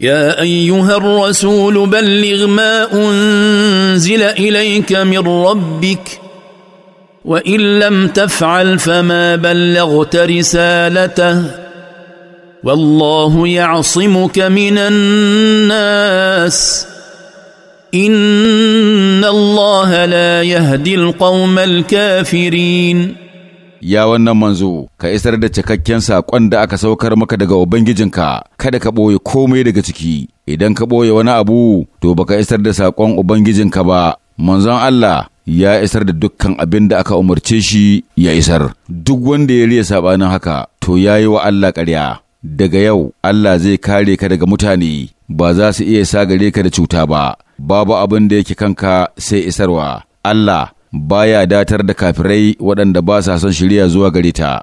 يا ايها الرسول بلغ ما انزل اليك من ربك وان لم تفعل فما بلغت رسالته والله يعصمك من الناس ان الله لا يهدي القوم الكافرين ya wannan manzo ka isar da cikakken saƙon da aka saukar maka daga ubangijinka kada ka ɓoye komai daga ciki idan ka ɓoye wani abu to baka isar da saƙon ubangijinka ba manzon Allah ya isar da dukkan abin da aka umarce shi ya isar duk wanda ya riya sabanin haka to ya yi wa Allah ƙarya daga yau Allah zai kare ka daga mutane ba za su iya sagare ka da cuta ba babu abin da yake kanka sai isarwa Allah baya datar da kafirai waɗanda ba sa son shirya zuwa gare ta.